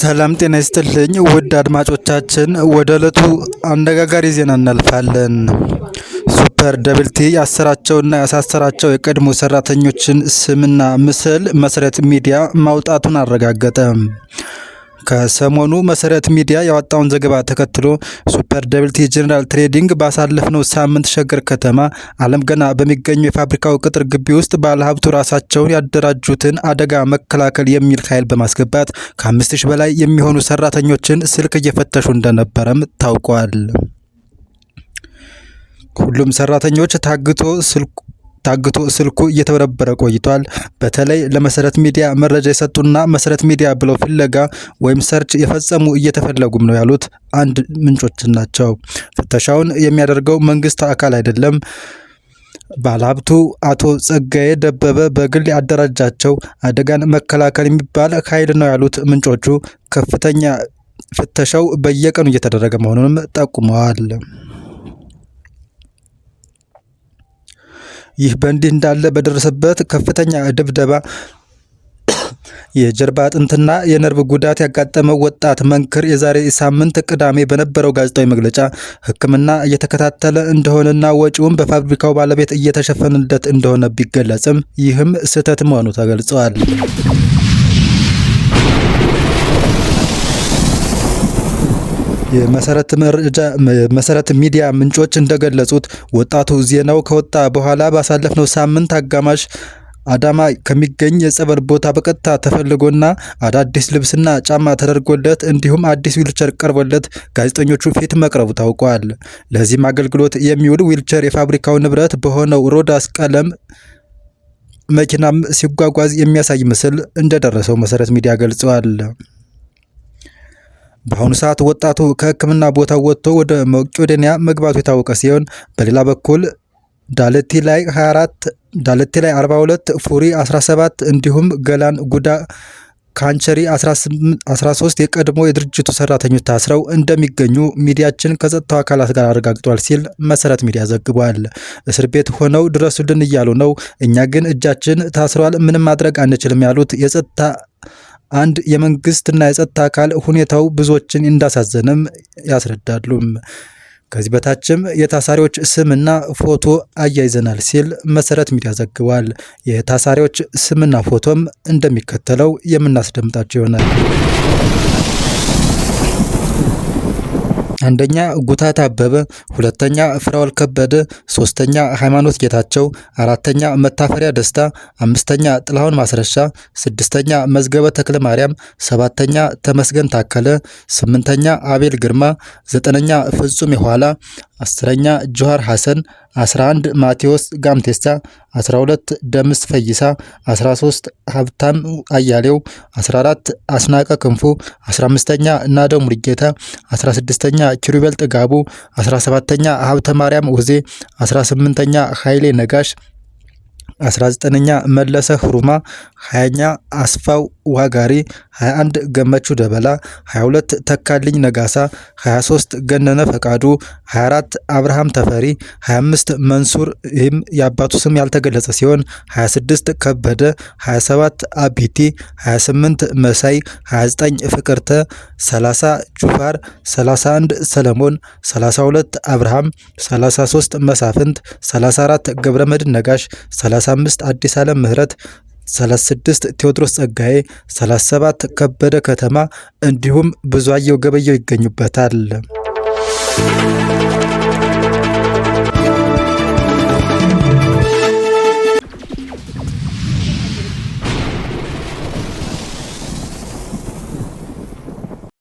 ሰላም ጤና ይስጥልኝ ውድ አድማጮቻችን፣ ወደ እለቱ አነጋጋሪ ዜና እናልፋለን። ሱፐር ደብልቲ ያሰራቸውና ያሳሰራቸው የቀድሞ ሰራተኞችን ስምና ምስል መሰረት ሚዲያ ማውጣቱን አረጋገጠ። ከሰሞኑ መሰረት ሚዲያ ያወጣውን ዘገባ ተከትሎ ሱፐር ደብልቲ ጀነራል ትሬዲንግ ባሳለፍነው ሳምንት ሸገር ከተማ አለም ገና በሚገኙ የፋብሪካው ቅጥር ግቢ ውስጥ ባለሀብቱ ራሳቸውን ያደራጁትን አደጋ መከላከል የሚል ኃይል በማስገባት ከአምስት ሺህ በላይ የሚሆኑ ሰራተኞችን ስልክ እየፈተሹ እንደነበረም ታውቋል። ሁሉም ሰራተኞች ታግቶ ስልኩ ታግቶ ስልኩ እየተበረበረ ቆይቷል። በተለይ ለመሰረት ሚዲያ መረጃ የሰጡና መሰረት ሚዲያ ብለው ፍለጋ ወይም ሰርች የፈጸሙ እየተፈለጉም ነው ያሉት አንድ ምንጮችን ናቸው። ፍተሻውን የሚያደርገው መንግስት አካል አይደለም። ባለሀብቱ አቶ ጸጋዬ ደበበ በግል ያደራጃቸው አደጋን መከላከል የሚባል ኃይል ነው ያሉት ምንጮቹ። ከፍተኛ ፍተሻው በየቀኑ እየተደረገ መሆኑንም ጠቁመዋል። ይህ በእንዲህ እንዳለ በደረሰበት ከፍተኛ ድብደባ የጀርባ አጥንትና የነርቭ ጉዳት ያጋጠመው ወጣት መንክር የዛሬ ሳምንት ቅዳሜ በነበረው ጋዜጣዊ መግለጫ ሕክምና እየተከታተለ እንደሆነና ወጪውን በፋብሪካው ባለቤት እየተሸፈነለት እንደሆነ ቢገለጽም ይህም ስህተት መሆኑ ተገልጸዋል። የመሰረት ሚዲያ ምንጮች እንደገለጹት ወጣቱ ዜናው ከወጣ በኋላ ባሳለፍነው ሳምንት አጋማሽ አዳማ ከሚገኝ የጸበል ቦታ በቀጥታ ተፈልጎና አዳዲስ ልብስና ጫማ ተደርጎለት እንዲሁም አዲስ ዊልቸር ቀርቦለት ጋዜጠኞቹ ፊት መቅረቡ ታውቋል። ለዚህም አገልግሎት የሚውል ዊልቸር የፋብሪካው ንብረት በሆነው ሮዳስ ቀለም መኪናም ሲጓጓዝ የሚያሳይ ምስል እንደደረሰው መሰረት ሚዲያ ገልጸዋል። በአሁኑ ሰዓት ወጣቱ ከሕክምና ቦታ ወጥቶ ወደ መቄዶንያ መግባቱ የታወቀ ሲሆን በሌላ በኩል ዳለቲ ላይ 24 ዳለቲ ላይ 42 ፉሪ 17 እንዲሁም ገላን ጉዳ ካንቸሪ 13 የቀድሞ የድርጅቱ ሰራተኞች ታስረው እንደሚገኙ ሚዲያችን ከጸጥታው አካላት ጋር አረጋግጧል ሲል መሰረት ሚዲያ ዘግቧል። እስር ቤት ሆነው ድረሱልን እያሉ ነው፣ እኛ ግን እጃችን ታስሯል፣ ምንም ማድረግ አንችልም ያሉት የጸጥታ አንድ የመንግስትና የጸጥታ አካል ሁኔታው ብዙዎችን እንዳሳዘነም ያስረዳሉ። ከዚህ በታችም የታሳሪዎች ስምና ፎቶ አያይዘናል ሲል መሰረት ሚዲያ ዘግቧል። የታሳሪዎች ስምና ፎቶም እንደሚከተለው የምናስደምጣቸው ይሆናል። አንደኛ ጉታት አበበ፣ ሁለተኛ ፍራውል ከበደ፣ ሶስተኛ ሃይማኖት ጌታቸው፣ አራተኛ መታፈሪያ ደስታ፣ አምስተኛ ጥላሁን ማስረሻ፣ ስድስተኛ መዝገበ ተክለ ማርያም፣ ሰባተኛ ተመስገን ታከለ፣ ስምንተኛ አቤል ግርማ፣ ዘጠነኛ ፍጹም የኋላ አስረኛ ጆሃር ሐሰን፣ 11 ማቴዎስ ጋምቴሳ፣ 12 ደምስ ፈይሳ፣ 13 ሀብታም አያሌው፣ 14 አስናቀ ክንፉ፣ 15ኛ ናደው ሙርጌታ፣ 16ኛ ኪሩቤል ጥጋቡ፣ 17ኛ ሀብተ ማርያም ውዜ፣ 18ኛ ኃይሌ ነጋሽ፣ 19ኛ መለሰ ሁሩማ፣ 20ኛ አስፋው ዋጋሪ 21 ገመቹ ደበላ 22 ተካልኝ ነጋሳ 23 ገነነ ፈቃዱ 24 አብርሃም ተፈሪ 25 መንሱር ይህም የአባቱ ስም ያልተገለጸ ሲሆን 26 ከበደ 27 አቢቲ 28 መሳይ 29 ፍቅርተ 30 ጁፋር 31 ሰለሞን 32 አብርሃም 33 መሳፍንት 34 ገብረመድን ነጋሽ 35 አዲስ ዓለም ምህረት 36 ቴዎድሮስ ጸጋዬ፣ 37 ከበደ ከተማ እንዲሁም ብዙአየሁ ገበየው ይገኙበታል።